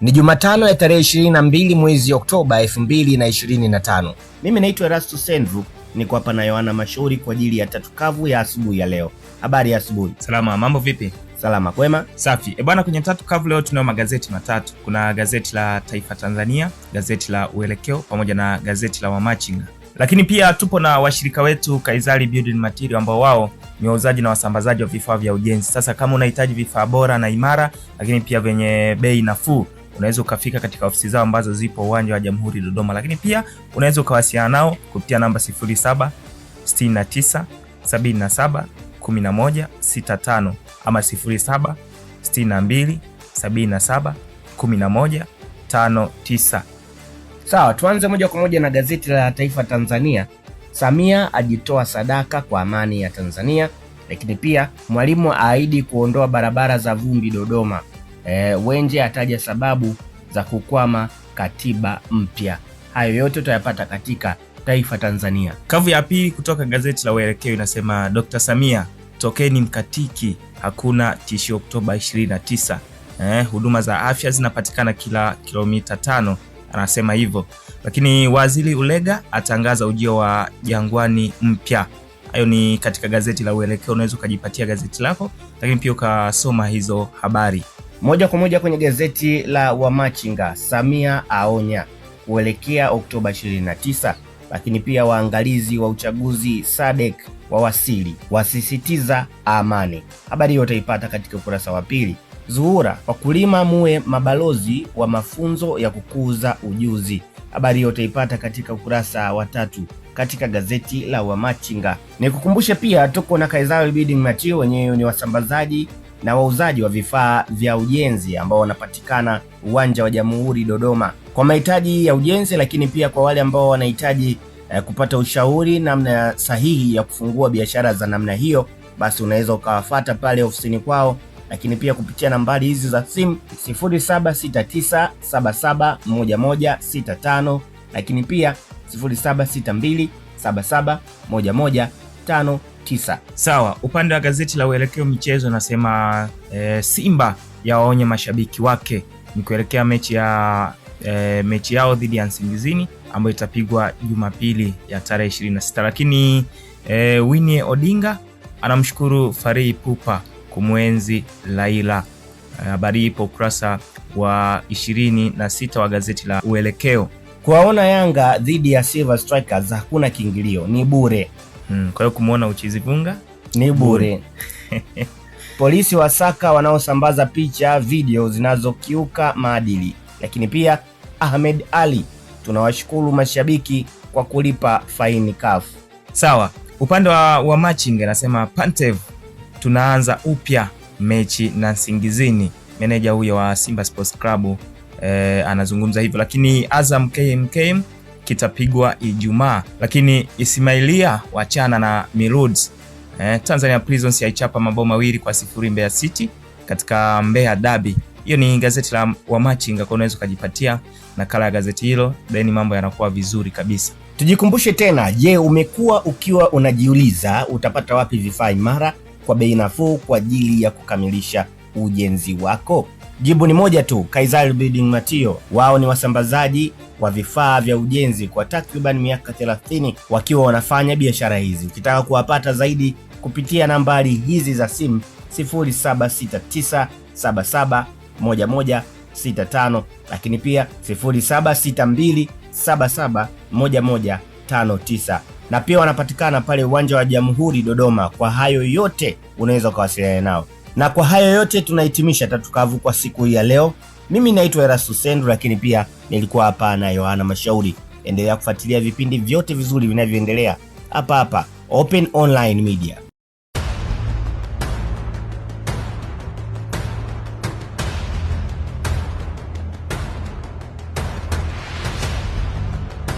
Ni Jumatano ya tarehe 22 mwezi Oktoba 2025. Mimi naitwa Erastus Sendru, niko hapa na Yohana Mashauri kwa ajili ya kavu ya asubuhi ya leo. Habari ya asubuhi. Salama, mambo vipi? Salama kwema, safi. E bwana, kwenye tatu kavu leo tunayo magazeti matatu. Kuna gazeti la Taifa Tanzania, gazeti la Uelekeo pamoja na gazeti la Wamachinga, lakini pia tupo na washirika wetu Kaizali Building Material ambao wao ni wauzaji na wasambazaji wa vifaa vya ujenzi. Sasa kama unahitaji vifaa bora na imara, lakini pia vyenye bei nafuu unaweza ukafika katika ofisi zao ambazo zipo uwanja wa Jamhuri Dodoma, lakini pia unaweza ukawasiliana nao kupitia namba 0769 ama 0762771159. Sawa, tuanze moja kwa moja na gazeti la Taifa Tanzania. Samia ajitoa sadaka kwa amani ya Tanzania, lakini pia mwalimu aahidi kuondoa barabara za vumbi Dodoma. E, Wenje ataja sababu za kukwama katiba mpya. Hayo yote utayapata katika Taifa Tanzania. Kavu ya pili kutoka gazeti la Uelekeo inasema Dr. Samia, tokeni mkatiki, hakuna tishio Oktoba 29. Eh, huduma za afya zinapatikana kila kilomita tano, anasema hivyo. Lakini Waziri Ulega atangaza ujio wa Jangwani mpya. Hayo ni katika gazeti la Uelekeo, unaweza ukajipatia gazeti lako, lakini pia ukasoma hizo habari. Moja kwa moja kwenye gazeti la Wamachinga, Samia aonya kuelekea Oktoba 29, lakini pia waangalizi wa uchaguzi SADC wawasili wasisitiza amani. Habari hiyo utaipata katika ukurasa wa pili. Zuhura, wakulima muwe mabalozi wa mafunzo ya kukuza ujuzi. Habari hiyo utaipata katika ukurasa wa tatu katika gazeti la Wamachinga. Nikukumbushe pia tuko na Kaizawe Building Material, wenyewe ni wasambazaji na wauzaji wa vifaa vya ujenzi ambao wanapatikana uwanja wa Jamhuri Dodoma, kwa mahitaji ya ujenzi, lakini pia kwa wale ambao wanahitaji eh, kupata ushauri namna sahihi ya kufungua biashara za namna hiyo, basi unaweza ukawafata pale ofisini kwao, lakini pia kupitia nambari hizi za simu 0769771165 lakini pia 0762771155 tisa. Sawa, upande wa gazeti la Uelekeo Michezo nasema e, Simba yawaonye mashabiki wake ni kuelekea mechi ya e, mechi yao dhidi ya Nsingizini ambayo itapigwa Jumapili ya tarehe 26, lakini e, Winnie Odinga anamshukuru Farihi Pupa kumwenzi Laila. Habari ipo ukurasa wa 26 wa gazeti la Uelekeo. Kuwaona Yanga dhidi ya Silver Strikers hakuna kiingilio, ni bure. Mm, kwa hiyo kumwona Uchizivunga ni bure. Polisi wasaka wanaosambaza picha, video zinazokiuka maadili. Lakini pia Ahmed ali tunawashukuru mashabiki kwa kulipa faini CAF. Sawa, upande wa, wa matching anasema Pantev, tunaanza upya mechi na Singizini. Meneja huyo wa Simba Sports Club eh, anazungumza hivyo, lakini Azam KMKM kitapigwa Ijumaa, lakini Ismailia wachana na Miluds. Eh, Tanzania Prisons yaichapa mabao mawili kwa sifuri Mbeya City katika Mbeya Dabi. Hiyo ni gazeti la Wamachinga, kwa unaweza ukajipatia nakala ya gazeti hilo, then mambo yanakuwa vizuri kabisa. Tujikumbushe tena, je, umekuwa ukiwa unajiuliza utapata wapi vifaa imara kwa bei nafuu kwa ajili ya kukamilisha ujenzi wako? Jibu ni moja tu, Kaisari Building matio Wao ni wasambazaji wa vifaa vya ujenzi kwa takriban miaka 30 wakiwa wanafanya biashara hizi. Ukitaka kuwapata zaidi kupitia nambari hizi za simu 0769771165 lakini pia 0762771159 na pia wanapatikana pale uwanja wa Jamhuri Dodoma. Kwa hayo yote unaweza ukawasiliana nao. Na kwa hayo yote tunahitimisha Tatukavu kwa siku hii ya leo. Mimi naitwa erasu Sendu, lakini pia nilikuwa hapa na Yohana Mashauri. Endelea kufuatilia vipindi vyote vizuri vinavyoendelea hapa hapa Open Online Media.